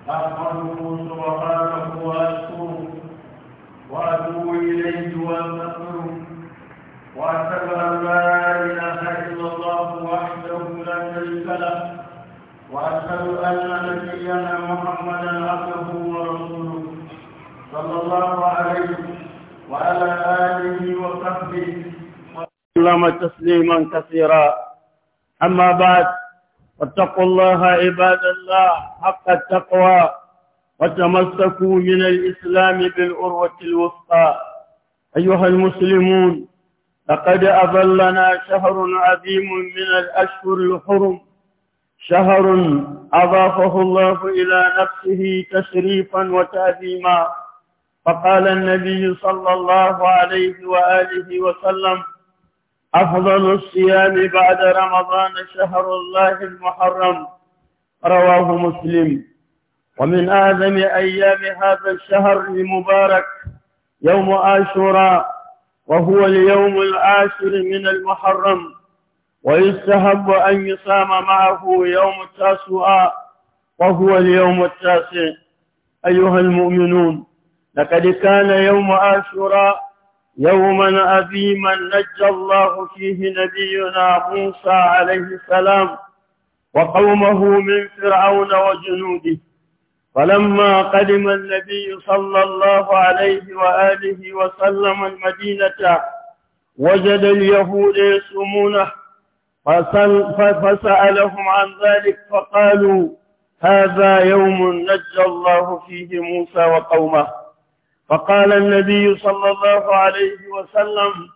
أحمده سبحانه وأشكره وأتوب إليه وأستغفره وأشهد أن لا إله إلا الله وحده لا شريك له وأشهد أن نبينا محمدا عبده ورسوله صلى الله عليه وعلى آله وصحبه وسلم تسليما كثيرا أما بعد واتقوا الله عباد الله حق التقوى وتمسكوا من الإسلام بالأروة الوثقى أيها المسلمون لقد أظلنا شهر عظيم من الأشهر الحرم شهر أضافه الله إلى نفسه تشريفا وتعظيما فقال النبي صلى الله عليه وآله وسلم أفضل الصيام بعد رمضان شهر الله المحرم رواه مسلم ومن أعظم أيام هذا الشهر المبارك يوم عاشوراء وهو اليوم العاشر من المحرم ويستحب أن يصام معه يوم التاسع وهو اليوم التاسع أيها المؤمنون لقد كان يوم عاشوراء يوما عظيما نجى الله فيه نبينا موسى عليه السلام وقومه من فرعون وجنوده فلما قدم النبي صلى الله عليه وآله وسلم المدينة وجد اليهود يسومونه فسألهم عن ذلك فقالوا هذا يوم نجى الله فيه موسى وقومه فقال النبي صلى الله عليه وسلم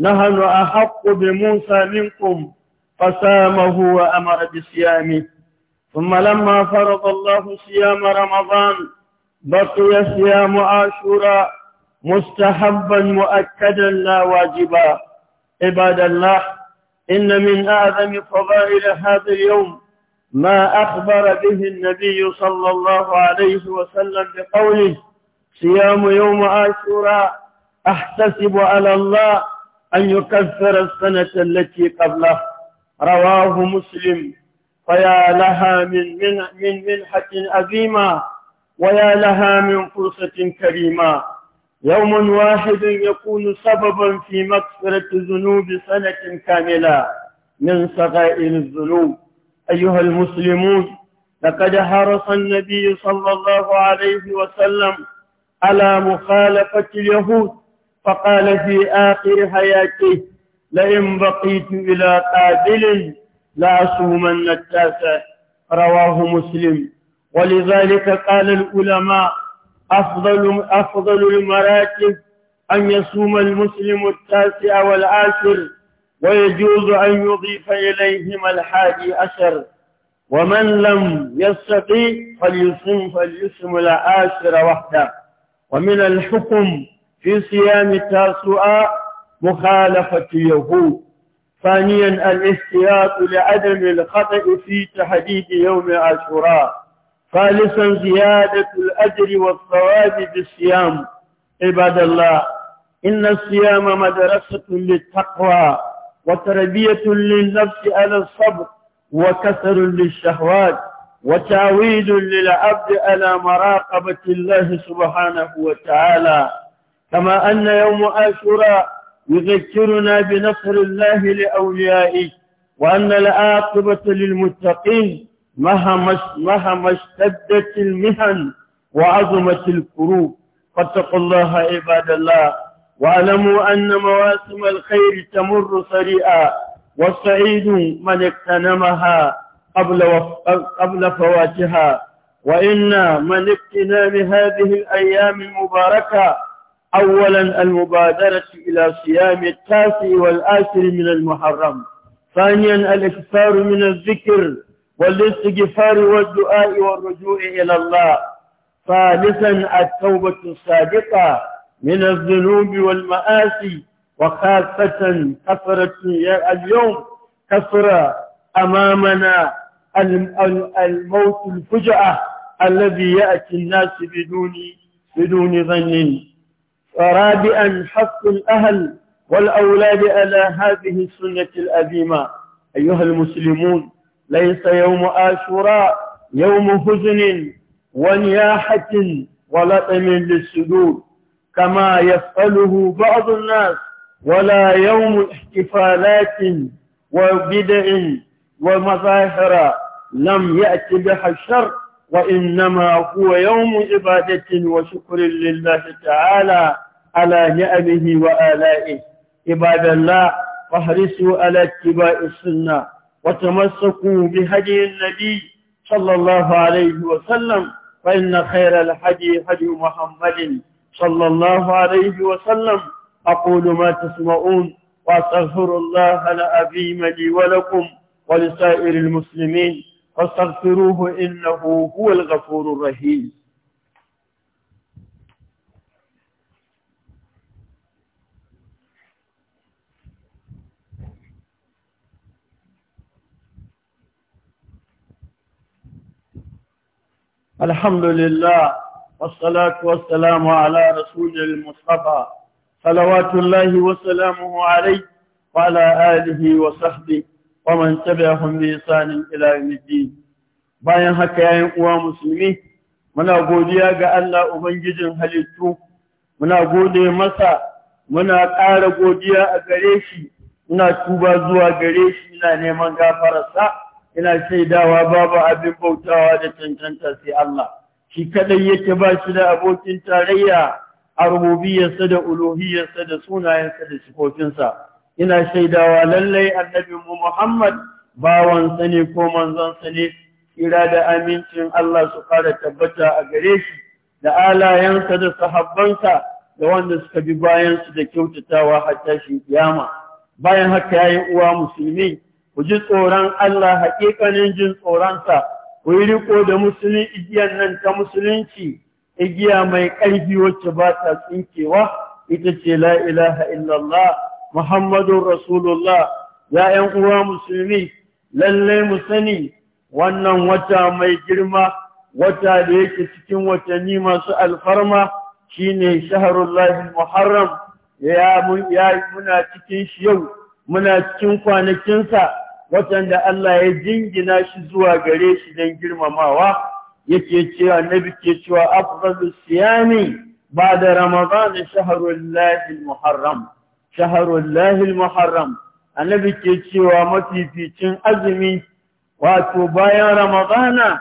نحن أحق بموسى منكم فسامه وأمر بصيامه ثم لما فرض الله صيام رمضان بقي صيام عاشوراء مستحبا مؤكدا لا واجبا عباد الله إن من أعظم فضائل هذا اليوم ما أخبر به النبي صلى الله عليه وسلم بقوله صيام يوم عاشوراء أحتسب على الله أن يكفر السنة التي قبله رواه مسلم فيا لها من من من منحة عظيمة ويا لها من فرصة كريمة يوم واحد يكون سببا في مغفرة ذنوب سنة كاملة من صغائر الذنوب أيها المسلمون لقد حرص النبي صلى الله عليه وسلم على مخالفة اليهود فقال في آخر حياته لئن بقيت إلى قابل لأصومن التاسع رواه مسلم ولذلك قال العلماء أفضل, أفضل المراتب أن يصوم المسلم التاسع والعاشر ويجوز أن يضيف إليهما الحادي عشر ومن لم يستطيع فليصوم فليصوم العاشر وحده ومن الحكم في صيام تاسوعا مخالفة اليهود ثانيا الاحتياط لعدم الخطأ في تحديد يوم عاشوراء ثالثا زيادة الأجر والثواب بالصيام عباد الله إن الصيام مدرسة للتقوى وتربية للنفس على الصبر وكسر للشهوات وتعويد للعبد على مراقبة الله سبحانه وتعالى كما أن يوم آشوراء يذكرنا بنصر الله لأوليائه وأن العاقبة للمتقين مهما اشتدت المهن وعظمت الكروب فاتقوا الله عباد الله واعلموا أن مواسم الخير تمر سريعا والسعيد من اغتنمها قبل قبل فواتها وإنا من اقتنام هذه الأيام المباركة أولا المبادرة إلى صيام التاسع والآخر من المحرم ثانيا الإكثار من الذكر والاستغفار والدعاء والرجوع إلى الله ثالثا التوبة الصادقة من الذنوب والمآسي وخاصة كثرة اليوم كثرة أمامنا الموت الفجأة الذي يأتي الناس بدون بدون ظن رابعا حق الأهل والأولاد على هذه السنة الأذيمة أيها المسلمون ليس يوم آشوراء يوم حزن ونياحة ولطم للسدود كما يفعله بعض الناس ولا يوم احتفالات وبدع ومظاهر لم يأت بها الشر وإنما هو يوم عبادة وشكر لله تعالى على نعمه وآلائه عباد الله فاحرصوا على اتباع السنة وتمسكوا بهدي النبي صلى الله عليه وسلم فإن خير الحدي هدي محمد صلى الله عليه وسلم أقول ما تسمعون وأستغفر الله لأبي مدي ولكم ولسائر المسلمين فاستغفروه إنه هو الغفور الرحيم الحمد لله والصلاة والسلام على رسول المصطفى صلوات الله وسلامه عليه وعلى آله وصحبه ومن تبعهم بإحسان إلى يوم الدين bayan haka yayin uwa musulmi muna godiya ga Allah ubangijin halittu muna gode masa muna ƙara godiya a gare shi ina tuba zuwa gare shi ina neman gafararsa ina shaidawa babu abin bautawa da cancanta sai Allah shi kadai yake ba shi da abokin tarayya a rububiyarsa da uluhiyarsa da sunayensa da sifofinsa ina shaidawa lallai annabi mu Muhammad bawan sani ko manzon sani kira da amincin Allah su fara tabbata a gare shi da alayansa da sahabbansa da wanda suka bi bayan su da kyautatawa har tashin kiyama bayan haka yayi uwa musulmi ku ji tsoron Allah hakikanin jin tsoronsa ku yi riko da musulmi igiyan nan ta musulunci igiya mai ƙarfi wacce ba ta tsinkewa ita ce la ilaha illallah Muhammadun Rasulullah ya ‘yan uwa musulmi lallai mu sani wannan wata mai girma wata da yake cikin watanni masu alfarma shine shaharullahi muharram ya muna cikin shi yau muna cikin kwanakinsa watan da Allah ya jingina shi zuwa gare shi don girmamawa yake cewa nabi ke cewa afdalu siyami ba da ramadan shaharullahi muharram shaharullahil muharram annabi ke cewa mafificin azumi wato bayan ramadana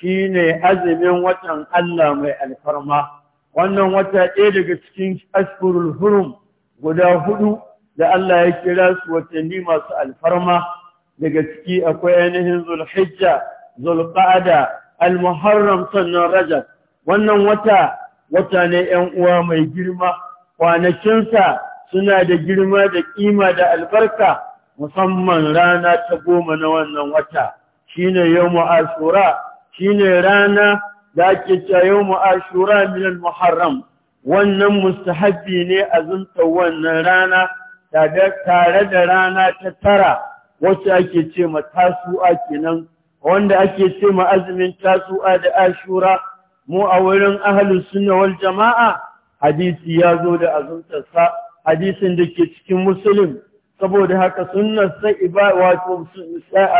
shine azumin watan Allah mai alfarma wannan wata ɗaya daga cikin ashkurul hurum guda hudu da Allah ya kira su watanni masu alfarma daga ciki akwai ainihin zulhijja zulqa'ada almuharram sannan rajab wannan wata wata ne 'yan uwa mai girma kwanakinsa suna da girma da ƙima da albarka musamman rana ta goma na wannan wata shine ma'ashura ashura shine rana da ake cewa yau ashura milan muharram wannan mustahabi ne a zunta wannan rana tare da rana ta tara wacce ake ce ma tasu'a kenan wanda ake ce ma azumin tasu'a da ashura mu a wurin ahlus sunna wal jama'a hadisi ya zo da sa. hadisin da ke cikin musulun saboda haka ibada, wato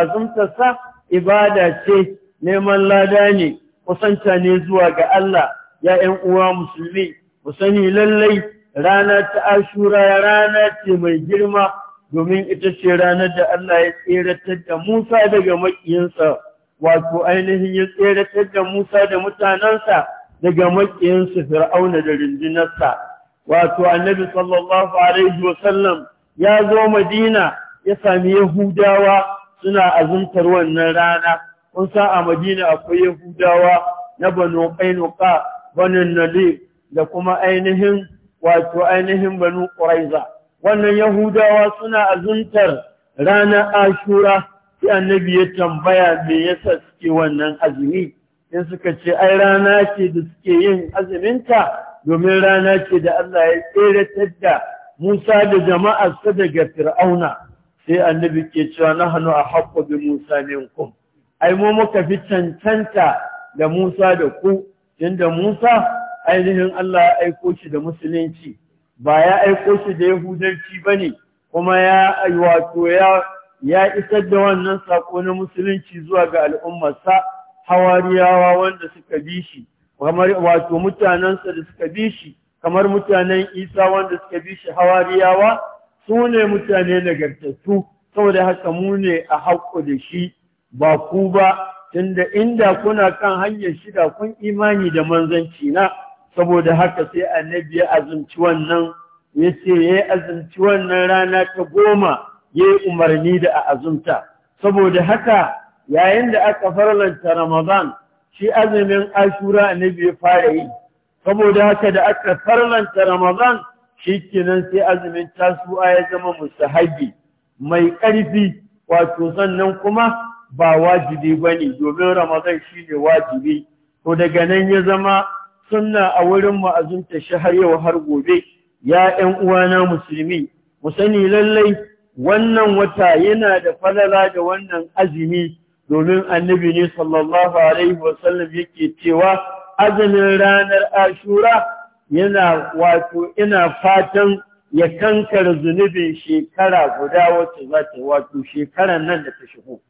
azumtarsa ibada ce neman lada ne kusanta ne zuwa ga Allah ya ‘yan uwa musulmi ku sani lallai rana ta ashura rana ce mai girma domin ita ce ranar da Allah ya tseratar da Musa daga makiyinsa wato ainihin ya tseratar da Musa da mutanensa daga makiyinsa fir'auna da rindinarsa. wato annabi sallallahu alaihi wasallam ya zo madina ya sami yahudawa suna azumtar wannan rana kun sa a madina akwai yahudawa na banu qainuqa banu nadir da kuma ainihin wato ainihin banu quraiza wannan yahudawa suna azumtar ranar ashura sai annabi ya tambaya me yasa suke wannan azumi in suka ce ai rana ce da suke yin azuminta domin rana ce da Allah ya tseratar da Musa da sa daga Fir'auna sai annabi ke cewa nahnu a bi Musa minkum ai mu muka fi cancanta da Musa da ku tunda Musa ainihin Allah ya aiko shi da musulunci ba ya aiko shi da yahudanci bane kuma ya wato ya ya isar da wannan sako na musulunci zuwa ga al'ummarsa hawariyawa wanda suka bi shi kamar wato mutanensa da suka bi shi kamar mutanen isa wanda suka bi shi hawariyawa su ne mutane nagartattu saboda haka mu ne a haƙo da shi ba ku ba tunda inda kuna kan hanyar shida kun imani da manzanci na saboda haka sai annabi ya azumci wannan ya ce ya yi azumci wannan rana ta goma ya yi umarni da a azumta saboda haka yayin da aka farlanta ramadan shi azumin ashura annabi bai fara yi saboda haka da aka farlanta ramadan shikenan sai azumin tasu'a ya zama mustahabi mai ƙarfi wato sannan kuma ba wajibi bane domin ramadan shine wajibi to daga nan ya zama sunna a wurin mu azumta shi har yau har gobe ya ƴan uwana musulmi mu sani lallai wannan wata yana da falala da wannan azumi domin annabi ne sallallahu alaihi wasallam yake cewa azumin ranar ashura yana wato ina fatan ya kankar zunubin shekara guda wacce za ta wato shekarar nan da ta shigo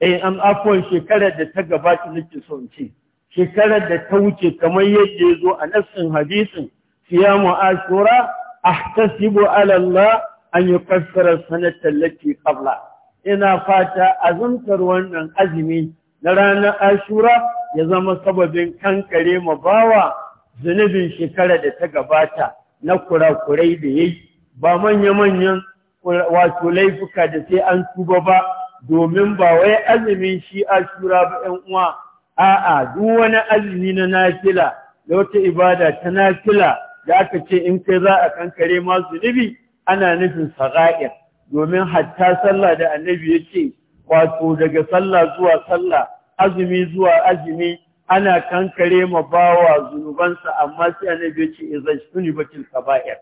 eh an afon shekarar da ta gabata nake son ce shekarar da ta wuce kamar yadda ya zo a nassin hadisin siyamu ashura ahtasibu tasibu Allah an yukaffira sanatan lati qabla ina fata azumtar wannan azumi na ranar ashura ya zama sababin kankare ma bawa zunubin shekara da ta gabata na kurakurai da yayi ba manya-manyan wato laifuka da sai an tuba ba domin ba wai azumin shi ashura ba 'yan uwa a'a duk wani azumi na nafila da wata ibada ta nafila da aka ce in kai za a kankare ma zunubi ana nufin sara'ir domin hatta sallah da annabi ya ce wato daga sallah zuwa sallah azumi zuwa azumi ana kankare ma bawa zunubansa amma sai annabi ya ce suni bakin kaba'ir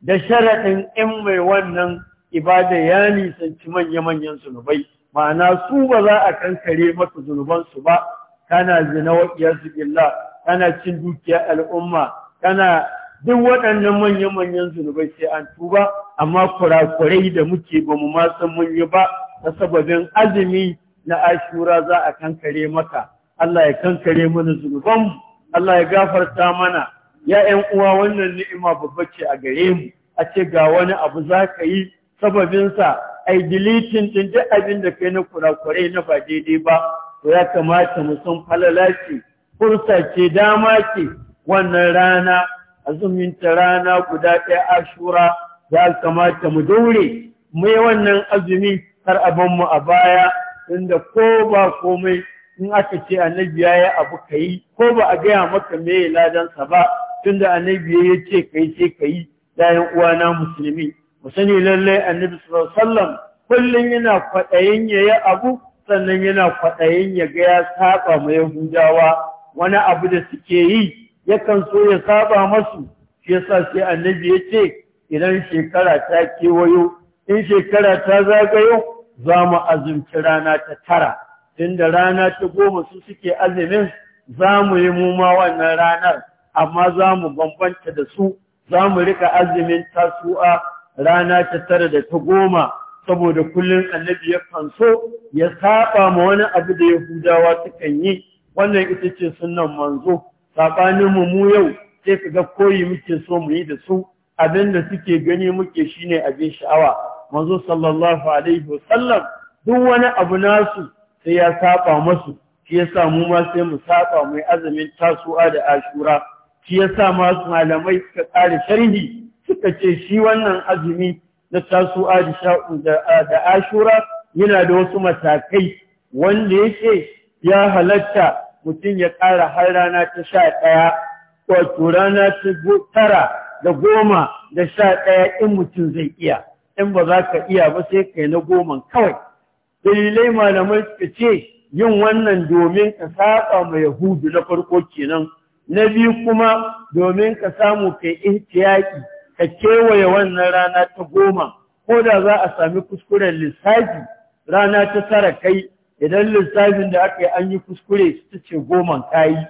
da sharadin in mai wannan ibada ya nisanci manya-manyan zunubai ma'ana su ba za a kankare zunuban zunubansu ba kana zina wa iyazu billah kana cin dukiyar al'umma kana duk waɗannan manya-manyan zunubai sai an tuba amma kurakurai da muke ba mu san mun yi ba ta sababin azumi na ashura za a kankare maka Allah ya kankare mana zunuban Allah ya gafarta mana ya yan uwa wannan ni'ima babba ce a gare mu a ce ga wani abu za ka yi sababinsa ai dilitin ɗin duk abin da kai na kurakurai na ba daidai ba to ya kamata mu san falala ce fursa ce dama ce wannan rana azumin ta rana guda ɗaya ashura ya kamata mu daure mu yi wannan azumi kar abin mu a baya inda ko ba komai in aka ce annabi ya yi abu ka yi ko ba a gaya maka me ladansa ba tunda annabi ya ce ka yi ce ka yi yayan uwana musulmi mu sani lallai annabi sallallahu alaihi wasallam kullum yana kwaɗayin ya yi abu sannan yana kwaɗayin ya gaya ya saba ma yahudawa wani abu da suke yi yakan so ya saba masu shi yasa sai annabi ya ce idan shekara ta kewayo in shekara ta zagayo za mu azumci rana ta tara tunda rana ta goma su suke azumin za mu yi muma wannan ranar amma za mu bambanta da su za mu rika azumin tasu'a rana ta tara da ta goma saboda kullum annabi ya kanso ya saba ma wani abu da yahudawa sukan yi wannan ita ce sunan manzo saɓanin mu mu yau sai ka ga koyi muke so mu yi da su abin da suke gani muke shine abin sha'awa manzo sallallahu alaihi wasallam duk wani abu nasu sai ya saba masu shi yasa mu ma sai mu saba mai azumin tasu'a da ashura shi yasa masu malamai suka tsara sharhi suka ce shi wannan azumi na tasu'a da ashura yana da wasu matakai wanda yake ya halatta mutum ya ƙara har rana ta sha ɗaya wato rana ta tara da goma da sha ɗaya in mutum zai iya in ba za ka iya ba sai kai na goma kawai dalilai malamai suka ce yin wannan domin ka saba ma yahudu na farko kenan na biyu kuma domin ka samu kai yaƙi ka kewaye wannan rana ta goma ko da za a sami kuskuren lissafi rana ta tara kai idan lissafin da aka yi an yi kuskure su ce goma yi,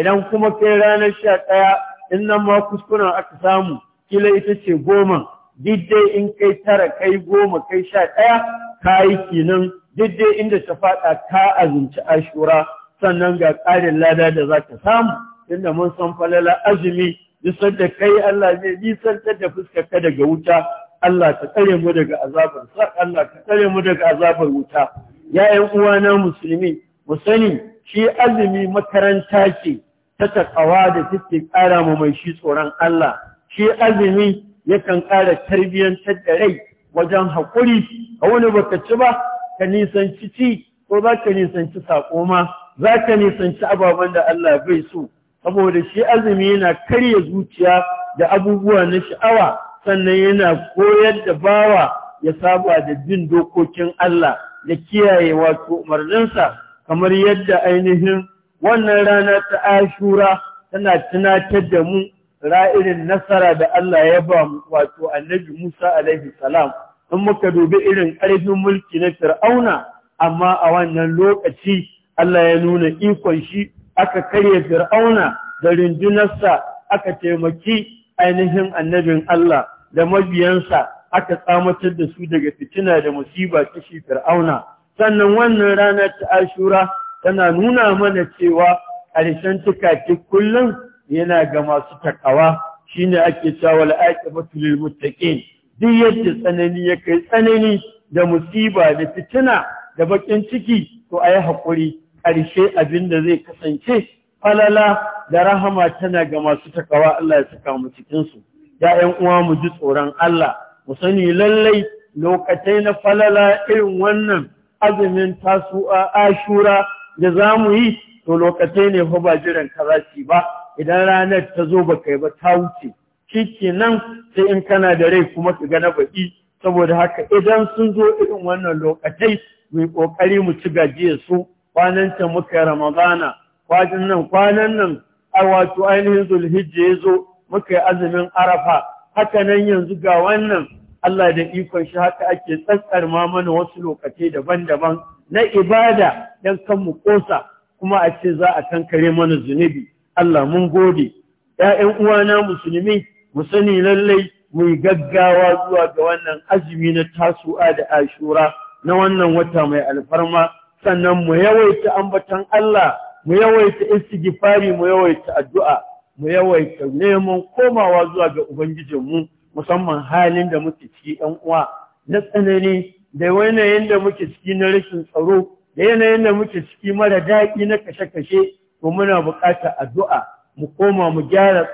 idan kuma kai ranar sha ɗaya in nan ma kuskuren aka samu kila ita ce goma diddai in kai tara kai goma kai sha ɗaya kayi kinan diddai inda ta faɗa ka azumci ashura sannan ga ƙarin lada da za ka samu inda mun san falala azumi nisan da kai Allah zai nisantar da fuskarka daga wuta Allah ka tsare mu daga azabar sa Allah ka tsare mu daga azabar wuta uwa uwana musulmi mu sani shi azumi makaranta ce ta takawa da suke ƙara ma mai shi tsoron Allah shi azumi yakan ƙara tarbiyyantar da rai wajen haƙuri a wani baka ci ba ka nisanci ci ko za ka nisanci saƙo ma za ka nisanci ababen da Allah bai so saboda shi azumi yana karya zuciya da abubuwa na sha'awa sannan yana koyar da bawa ya saba da bin dokokin Allah da kiyaye wato umarninsa kamar yadda ainihin wannan rana ta ashura tana tunatar da mu ra'irin nasara da Allah ya ba mu wato annabi Musa alaihi salam in muka dubi irin ƙarfin mulki na Fir'auna amma a wannan lokaci Allah ya nuna ikon shi aka karya Fir'auna da rundunarsa aka taimaki ainihin annabin Allah da mabiyansa aka tsamatar da su daga fitina da musiba ta shi fir'auna sannan wannan rana ta ashura tana nuna mana cewa ƙarshen tukaki kullum yana ga masu takawa shine ake cewa al'aqibatu lil muttaqin duk yadda tsanani ya kai tsanani da musiba da fitina da bakin ciki to ayi hakuri ƙarshe abin da zai kasance falala da rahama tana ga masu takawa Allah ya saka mu cikin su ya uwa mu ji tsoron Allah mu sani lallai lokacai na falala irin wannan azumin a ashura da za mu yi to lokacai ne fa ba jiran karaci ba idan ranar ta zo ba kai ba ta wuce shi nan sai in kana da rai kuma ka ga na baƙi saboda haka idan sun zo irin wannan lokacai mu yi ƙoƙari mu ci gajiyar su kwanan can muka ramadana kwanan nan kwanan nan a wato ainihin zulhijja ya zo muka yi azumin arafa haka nan yanzu ga wannan Allah da ikon shi haka ake tsantsar ma mana wasu lokaci daban-daban na ibada don kan mu kosa kuma a ce za a tankare mana zunubi Allah mun gode ‘ya'yan uwana musulmi mu sani lallai mu yi gaggawa zuwa ga wannan azumi na tasu'a da ashura na wannan wata mai alfarma sannan mu yawaita ambatan Allah mu yawaita istighfari mu yawaita addu'a mu yawaita neman komawa zuwa ga ubangijinmu musamman halin da muke ciki ɗan uwa na tsanani da yanayin da muke ciki na rashin tsaro da yanayin da muke ciki mara daɗi na kashe-kashe to muna buƙatar addu'a mu koma mu gyara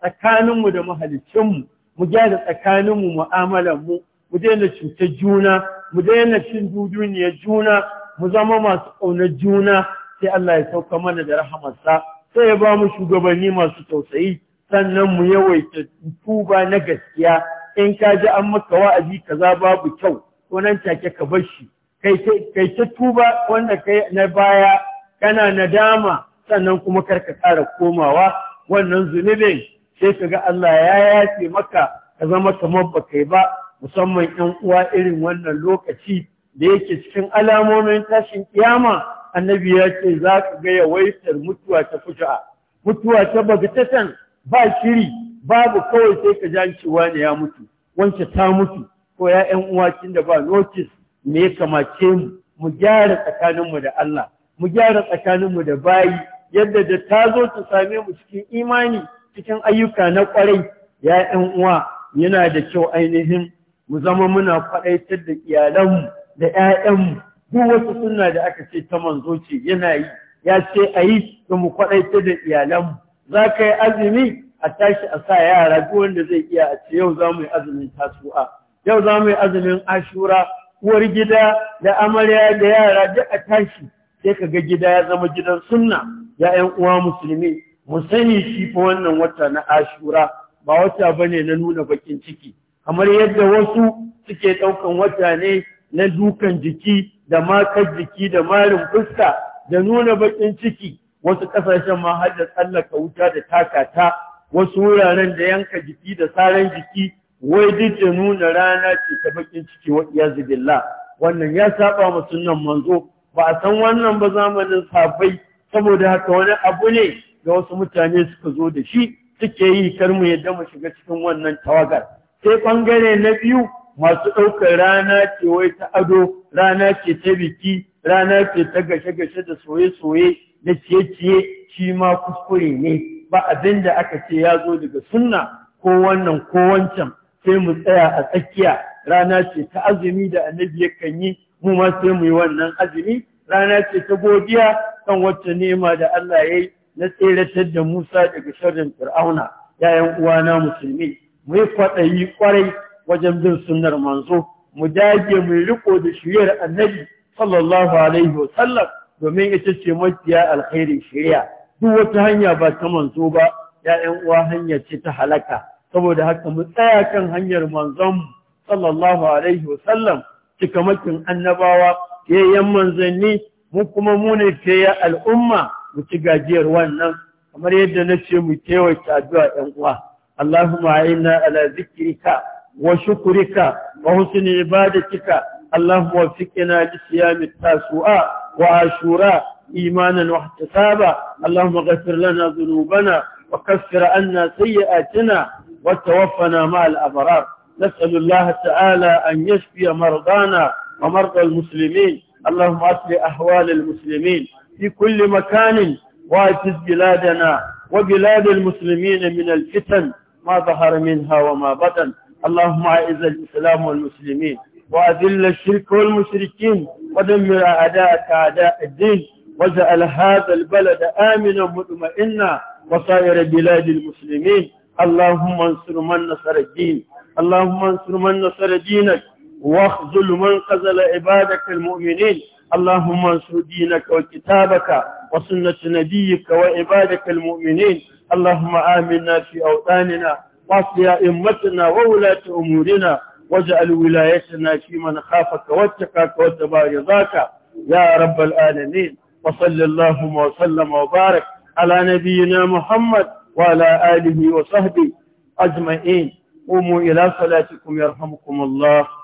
tsakaninmu da mahalicinmu mu gyara tsakaninmu mu'amalarmu mu daina cutar juna mu daina cin duduniyar juna mu zama masu ƙaunar juna sai Allah ya sauka mana da rahamarsa sai ya ba mu shugabanni masu tausayi sannan mu yawaita tuba na gaskiya in ka ji an maka wa'azi kaza babu kyau ko nan take ka bar shi kai ta tuba wanda kai na baya kana nadama sannan kuma kar ka ƙara komawa wannan zunubin sai ka ga Allah ya yafe maka ka zama kamar ba kai ba musamman 'yan uwa irin wannan lokaci da yake cikin alamomin tashin kiyama annabi ya ce za ka ga yawaitar mutuwa ta fuja'a mutuwa ta bagtatan ba shiri babu kawai sai ka jan cewa ne ya mutu wance ta mutu ko ya ƴan uwakin da ba notice me ya kamace mu mu gyara tsakaninmu da Allah mu gyara tsakaninmu da bayi yadda da ta zo ta same mu cikin imani cikin ayyuka na kwarai ya ƴan uwa yana da kyau ainihin mu zama muna faɗaitar da iyalanmu da ‘ya'yanmu duk wasu suna da aka ce ta manzo ce yana yi ya ce a yi da mu kwaɗaita da iyalanmu za ka yi azumi a tashi a sa yara duk wanda zai iya a ce yau za mu yi azumin tasu'a yau za mu yi azumin ashura uwar gida da amarya da yara duk a tashi sai ka ga gida ya zama gidan sunna ya ‘yan uwa musulmi mu sani shi fa wannan wata na ashura ba wata ba ne na nuna bakin ciki kamar yadda wasu suke ɗaukan wata ne na dukan jiki da makar jiki da marin fuska da nuna bakin ciki wasu kasashen ma har da tsallaka wuta da takata wasu wuraren da yanka jiki da saran jiki wai duk da nuna rana ce ta bakin ciki wa iyazu billah wannan ya saba wa sunnan manzo ba a san wannan ba zamanin sabai saboda haka wani abu ne ga wasu mutane suka zo da shi suke yi kar mu yadda mu shiga cikin wannan tawagar sai bangare na biyu masu ɗaukar rana ce wai ta ado rana ce ta biki rana ce ta gashe-gashe da soye-soye na ciye-ciye shi ma kuskure ne ba abin da aka ce ya zo daga sunna ko wannan ko wancan sai mu tsaya a tsakiya rana ce ta azumi da annabi kan yi mu ma sai mu yi wannan azumi rana ce ta godiya kan wacce nema da Allah ya yi na tseratar da Musa daga sharrin Fir'auna yayan uwana musulmi mu yi kwaɗayi kwarai wajen bin sunnar manzo mu dage mu riko da shiriyar annabi sallallahu alaihi wasallam domin ita ce mafiya alkhairi shiriya duk wata hanya ba ta manzo ba ya'yan uwa hanya ce ta halaka saboda haka mu tsaya kan hanyar manzon sallallahu alaihi wasallam cikamakin annabawa yayyan manzanni mu kuma mu ne ya al'umma mu ci gajiyar wannan kamar yadda na ce mu kewaye addu'a 'yan uwa Allahumma a'inna ala وشكرك وحسن عبادتك اللهم وفقنا لصيام التاسوعاء وعاشوراء إيمانا واحتسابا اللهم غفر لنا ذنوبنا وكفر عنا سيئاتنا وتوفنا مع الأبرار نسأل الله تعالى أن يشفي مرضانا ومرضى المسلمين اللهم أصل أحوال المسلمين في كل مكان واجز بلادنا وبلاد المسلمين من الفتن ما ظهر منها وما بطن اللهم أعز الإسلام والمسلمين وأذل الشرك والمشركين ودمر أعداءك أعداء الدين واجعل هذا البلد آمنا مطمئنا وسائر بلاد المسلمين اللهم انصر من نصر الدين اللهم انصر من نصر دينك واخذل من خذل عبادك المؤمنين اللهم انصر دينك وكتابك وسنة نبيك وعبادك المؤمنين اللهم آمنا في أوطاننا واصل أئمتنا وولاة أمورنا واجعل ولايتنا في من خافك واتقاك واتبع رضاك يا رب العالمين وصل اللهم وسلم وبارك على نبينا محمد وعلى آله وصحبه أجمعين قوموا إلى صلاتكم يرحمكم الله